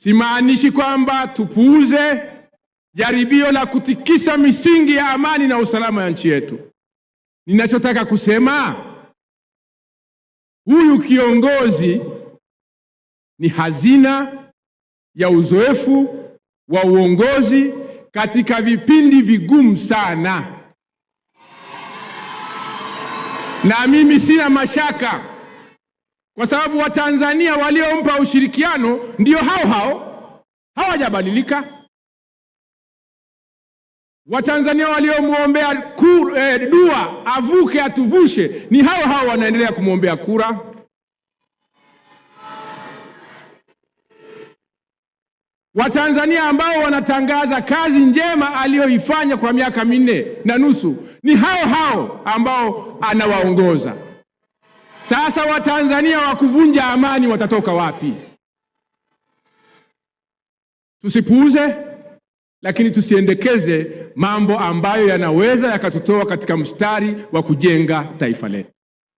Simaanishi kwamba tupuuze jaribio la kutikisa misingi ya amani na usalama ya nchi yetu. Ninachotaka kusema huyu kiongozi ni hazina ya uzoefu wa uongozi katika vipindi vigumu sana, na mimi sina mashaka kwa sababu Watanzania waliompa ushirikiano ndio hao hao, hawajabadilika. Watanzania waliomwombea eh, dua avuke atuvushe ni hao hao, wanaendelea kumwombea kura. Watanzania ambao wanatangaza kazi njema aliyoifanya kwa miaka minne na nusu ni hao hao ambao anawaongoza. Sasa Watanzania wa kuvunja amani watatoka wapi? Tusipuuze, lakini tusiendekeze mambo ambayo yanaweza yakatutoa katika mstari wa kujenga taifa letu.